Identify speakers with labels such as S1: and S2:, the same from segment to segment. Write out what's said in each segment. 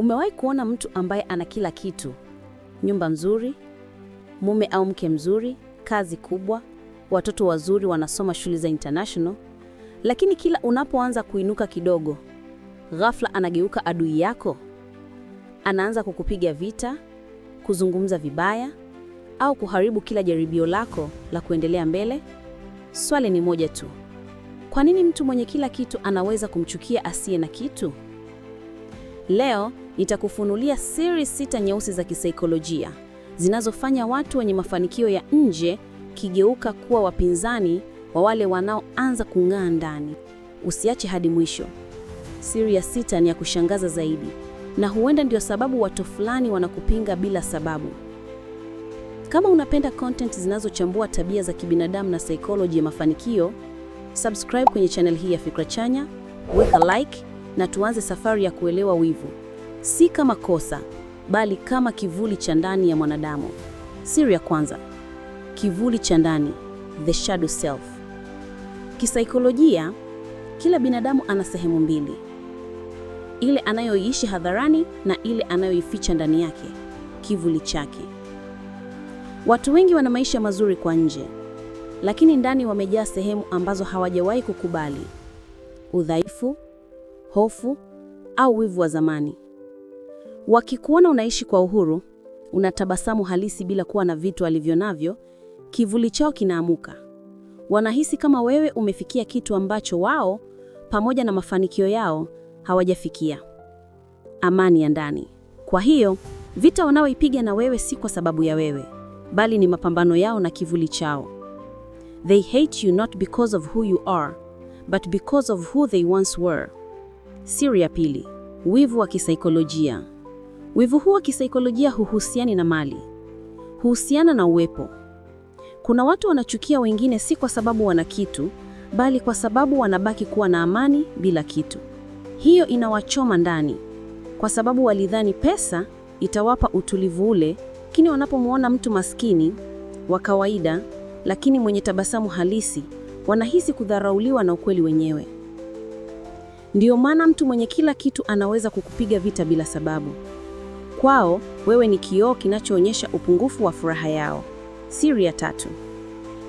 S1: Umewahi kuona mtu ambaye ana kila kitu: nyumba nzuri, mume au mke mzuri, kazi kubwa, watoto wazuri wanasoma shule za international, lakini kila unapoanza kuinuka kidogo, ghafla anageuka adui yako. Anaanza kukupiga vita, kuzungumza vibaya, au kuharibu kila jaribio lako la kuendelea mbele. Swali ni moja tu: kwa nini mtu mwenye kila kitu anaweza kumchukia asiye na kitu? Leo nitakufunulia siri sita nyeusi za kisaikolojia zinazofanya watu wenye mafanikio ya nje kigeuka kuwa wapinzani wa wale wanaoanza kung'aa ndani. Usiache hadi mwisho. Siri ya sita ni ya kushangaza zaidi, na huenda ndio sababu watu fulani wanakupinga bila sababu. Kama unapenda content zinazochambua tabia za kibinadamu na psychology ya mafanikio, subscribe kwenye channel hii ya Fikra Chanya, weka like na tuanze safari ya kuelewa wivu si kama kosa, bali kama kivuli cha ndani ya mwanadamu. Siri ya kwanza, kivuli cha ndani, the shadow self. Kisaikolojia, kila binadamu ana sehemu mbili, ile anayoiishi hadharani na ile anayoificha ndani yake, kivuli chake. Watu wengi wana maisha mazuri kwa nje, lakini ndani wamejaa sehemu ambazo hawajawahi kukubali: udhaifu, hofu au wivu wa zamani. Wakikuona unaishi kwa uhuru, unatabasamu halisi bila kuwa na vitu alivyonavyo, kivuli chao kinaamuka. Wanahisi kama wewe umefikia kitu ambacho wao pamoja na mafanikio yao hawajafikia. Amani ya ndani. Kwa hiyo, vita wanaoipiga na wewe si kwa sababu ya wewe, bali ni mapambano yao na kivuli chao. They hate you not because of who you are, but because of who they once were. Siri ya pili, wivu wa kisaikolojia. Wivu huu wa kisaikolojia huhusiani na mali, huhusiana na uwepo. Kuna watu wanachukia wengine si kwa sababu wana kitu, bali kwa sababu wanabaki kuwa na amani bila kitu. Hiyo inawachoma ndani, kwa sababu walidhani pesa itawapa utulivu ule, lakini wanapomwona mtu maskini wa kawaida, lakini mwenye tabasamu halisi, wanahisi kudharauliwa na ukweli wenyewe. Ndiyo maana mtu mwenye kila kitu anaweza kukupiga vita bila sababu. Kwao wewe ni kioo kinachoonyesha upungufu wa furaha yao. Siri ya tatu: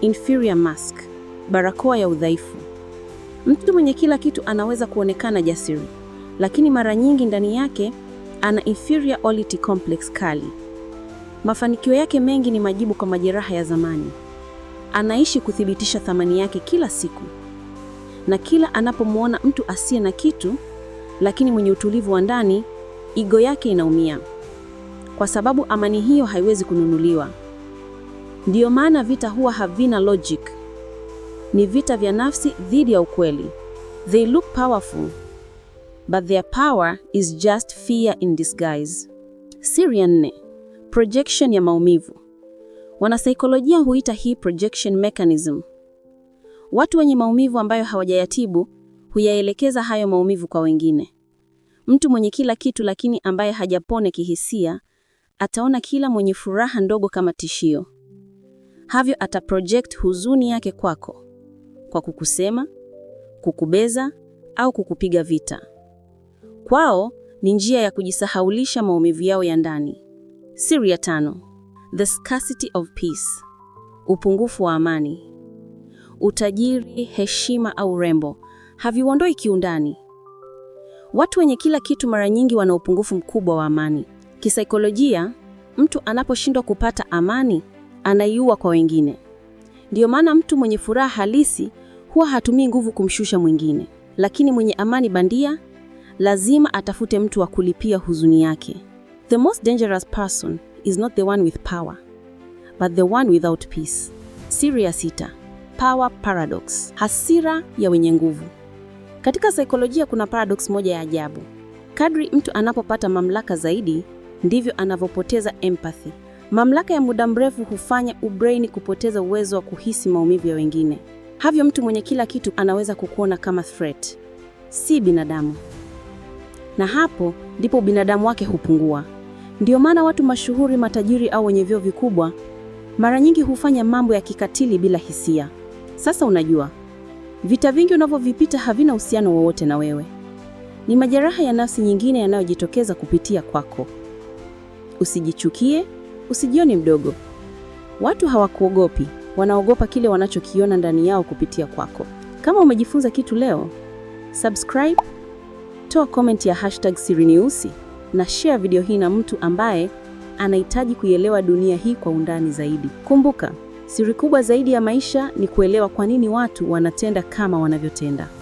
S1: inferior mask, barakoa ya udhaifu. Mtu mwenye kila kitu anaweza kuonekana jasiri, lakini mara nyingi ndani yake ana inferiority complex kali. Mafanikio yake mengi ni majibu kwa majeraha ya zamani. Anaishi kuthibitisha thamani yake kila siku, na kila anapomwona mtu asiye na kitu lakini mwenye utulivu wa ndani, ego yake inaumia kwa sababu amani hiyo haiwezi kununuliwa. Ndiyo maana vita huwa havina logic. Ni vita vya nafsi dhidi ya ukweli. They look powerful but their power is just fear in disguise. Siri nne: projection ya maumivu. Wanasaikolojia huita hii projection mechanism. Watu wenye maumivu ambayo hawajayatibu huyaelekeza hayo maumivu kwa wengine. Mtu mwenye kila kitu lakini ambaye hajapone kihisia ataona kila mwenye furaha ndogo kama tishio, havyo ataproject huzuni yake kwako kwa kukusema, kukubeza au kukupiga vita. Kwao ni njia ya kujisahaulisha maumivu yao ya ndani. Siri ya tano: the scarcity of peace, upungufu wa amani. Utajiri, heshima au rembo haviuondoi kiundani. Watu wenye kila kitu mara nyingi wana upungufu mkubwa wa amani. Kisaikolojia, mtu anaposhindwa kupata amani anaiua kwa wengine. Ndiyo maana mtu mwenye furaha halisi huwa hatumii nguvu kumshusha mwingine, lakini mwenye amani bandia lazima atafute mtu wa kulipia huzuni yake. The most dangerous person is not the one with power but the one without peace. Siri ya sita: power paradox, hasira ya wenye nguvu. Katika saikolojia kuna paradox moja ya ajabu. Kadri mtu anapopata mamlaka zaidi, ndivyo anavyopoteza empathy. Mamlaka ya muda mrefu hufanya ubrain kupoteza uwezo wa kuhisi maumivu ya wengine. Havyo mtu mwenye kila kitu anaweza kukuona kama threat, si binadamu, na hapo ndipo binadamu wake hupungua. Ndiyo maana watu mashuhuri, matajiri au wenye vyeo vikubwa mara nyingi hufanya mambo ya kikatili bila hisia. Sasa unajua, vita vingi unavyovipita havina uhusiano wowote na wewe, ni majeraha ya nafsi nyingine yanayojitokeza kupitia kwako. Usijichukie, usijione mdogo. Watu hawakuogopi, wanaogopa kile wanachokiona ndani yao kupitia kwako. Kama umejifunza kitu leo, subscribe, toa comment ya hashtag siri nyeusi na share video hii na mtu ambaye anahitaji kuielewa dunia hii kwa undani zaidi. Kumbuka, siri kubwa zaidi ya maisha ni kuelewa kwa nini watu wanatenda kama wanavyotenda.